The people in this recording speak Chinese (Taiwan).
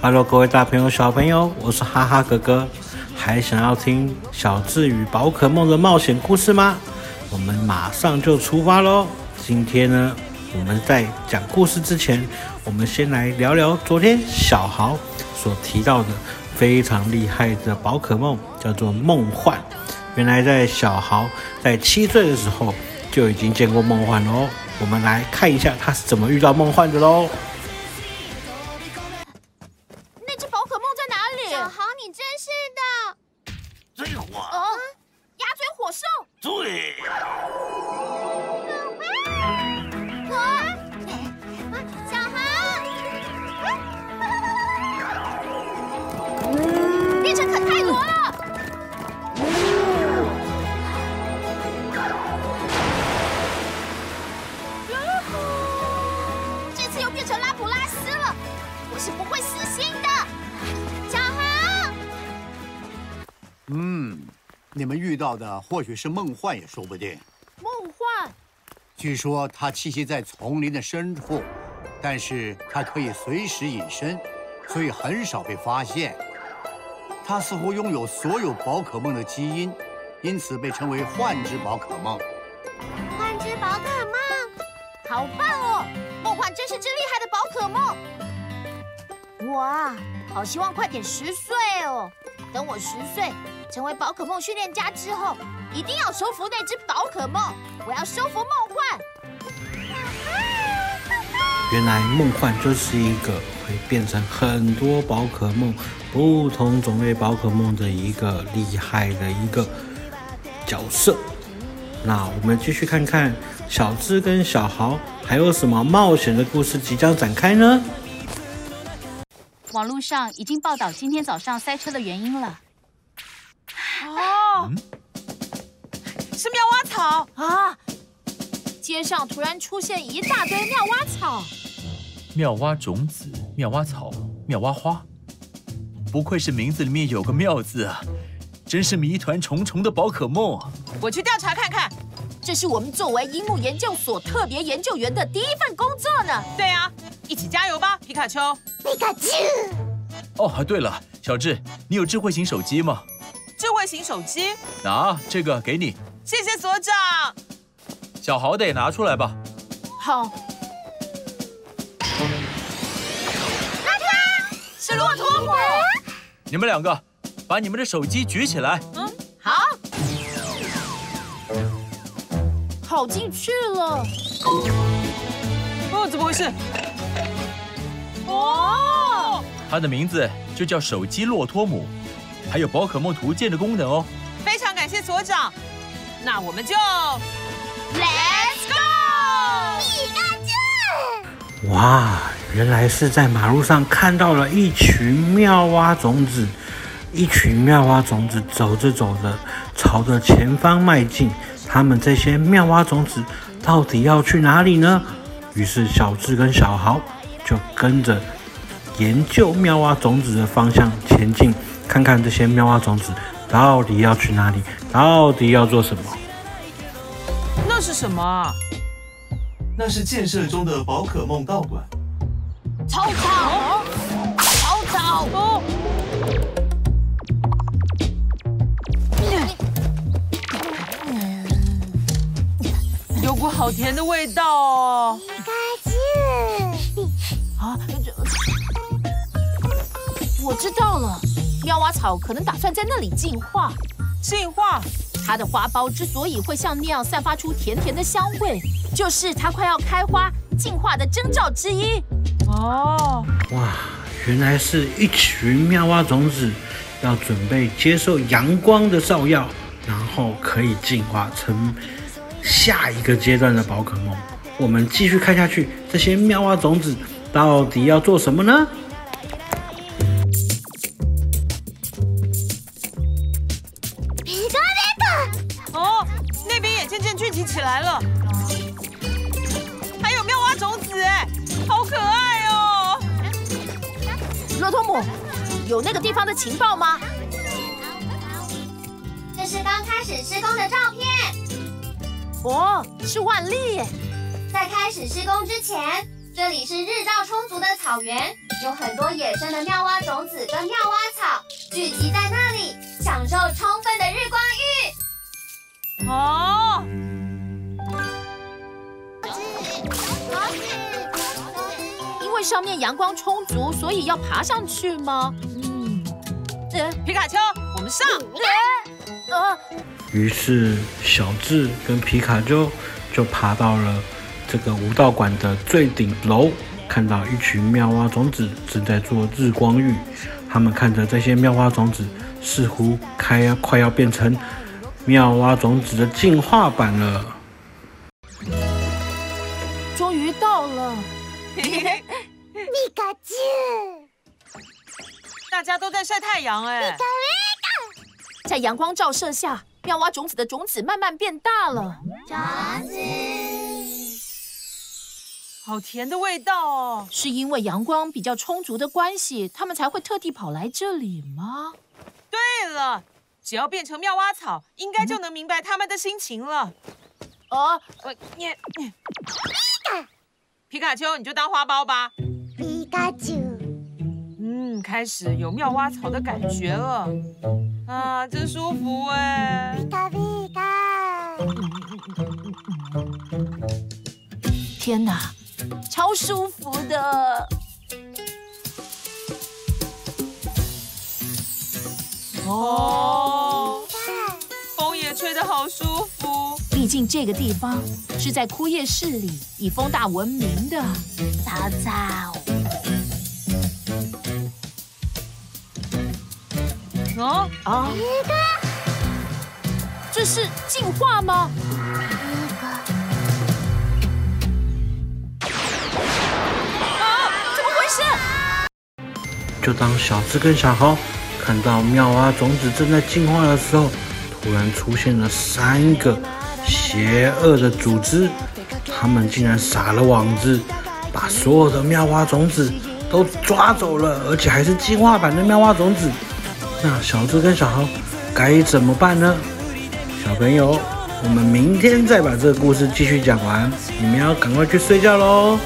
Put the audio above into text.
Hello，各位大朋友、小朋友，我是哈哈哥哥。還想要聽小智與寶可夢的冒險故事嗎？我們馬上就出發嘍！今天呢，我們在講故事之前，我們先來聊聊昨天小豪所提到的非常厲害的寶可夢，叫做夢幻。原來在小豪在七歲的時候就已經見過夢幻嘍。我們來看一下他是怎麼遇到夢幻的嘍。那只寶可夢在哪裡？小豪，你真是的！追火哦，鴨嘴火獸追對、啊啊。小豪，啊啊嗯、變成肯泰羅。嗯，你們遇到的或許是夢幻也說不定。夢幻，據說它棲息在叢林的深處，但是它可以隨時隱身，所以很少被發現。它似乎擁有所有寶可夢的基因，因此被稱為幻之寶可夢。幻之寶可夢，好棒哦！夢幻真是只厲害的寶可夢。哇，好希望快點十歲哦。等我十歲，成為寶可夢訓練家之後，一定要收服那隻寶可夢。我要收服夢幻。原來夢幻就是一個會變成很多寶可夢、不同種類寶可夢的一個厲害的一個角色。那我們繼續看看小智跟小豪還有什麼冒險的故事即將展開呢？網絡上已經報道今天早上塞車的原因了。哦，嗯、是妙蛙草啊！街上突然出現一大堆妙蛙草。妙蛙種子、妙蛙草、妙蛙花，不愧是名字裡面有個“妙”字啊！真是謎團重重的寶可夢啊。我去調查看看，這是我們作為櫻木研究所特別研究員的第一份工作呢。對啊。一起加油吧，皮卡丘！皮卡丘！哦，oh, 對了，小智，你有智慧型手機嗎？智慧型手機？拿這個給你。謝謝所長。小豪得拿出來吧。好。啊，是洛託姆。你們兩個，把你們的手機舉起來。嗯，好。跑進去了。哦，怎麼回事？哦，他的名字就叫手機洛託姆，還有寶可夢圖鑑的功能哦。非常感謝所長，那我們就 let's go 一個就哇，原來是在馬路上看到了一群妙蛙種子，一群妙蛙種子走着走着，朝着前方邁進。他們這些妙蛙種子到底要去哪裡呢？於是小智跟小豪。就跟着研究妙蛙種子的方向前進，看看這些妙蛙種子到底要去哪裡，到底要做什麼？那是什麼啊？那是建設中的寶可夢道館，哦。草草，草，哦，草，有股好甜的味道哦。我知道了，妙蛙草可能打算在那裡進化。進化，它的花苞之所以會像那樣散發出甜甜的香味，就是它快要開花、進化的徵兆之一。哦，哇，原來是一群妙蛙種子要準備接受陽光的照耀，然後可以進化成下一個階段的寶可夢。我們繼續看下去，這些妙蛙種子到底要做什麼呢？洛托姆，有那個地方的情報嗎？這是剛開始施工的照片。哦，是萬曆。在開始施工之前，這裡是日照充足的草原，有很多野生的妙蛙種子跟妙蛙草聚集在那裡，享受充分的日光浴。哦。哦上面陽光充足，所以要爬上去嗎？嗯，哎，皮卡丘，我們上！啊、嗯！於是小智跟皮卡丘就爬到了這個武道館的最頂樓，看到一群妙蛙種子正在做日光浴。他們看着這些妙蛙種子，似乎開、啊、快要變成妙蛙種子的進化版了。終於到了。 大家都在曬太陽，哎、欸。在陽光照射下，妙蛙種子的種子慢慢變大了。種子，好甜的味道哦。是因為陽光比較充足的關係，他們才會特地跑來這裡嗎？對了，只要變成妙蛙草，應該就能明白他們的心情了。嗯、啊，你，你皮卡丘，你就當花苞吧。嗯，開始有妙蛙草的感覺了，啊，真舒服哎！天哪，超舒服的！哦，哦，風也吹得好舒服。畢竟這個地方是在枯葉市裡以風大聞名的，草草。啊！Oh, 這是進化嗎？啊！Oh, 怎麼回事？就當小智跟小豪看到妙蛙種子正在進化的時候，突然出現了三個邪惡的組織，他們竟然撒了網子，把所有的妙蛙種子都抓走了，而且還是進化版的妙蛙種子。那小豬跟小猴該怎麼辦呢？小朋友，我們明天再把這個故事繼續講完。你們要趕快去睡覺嘍。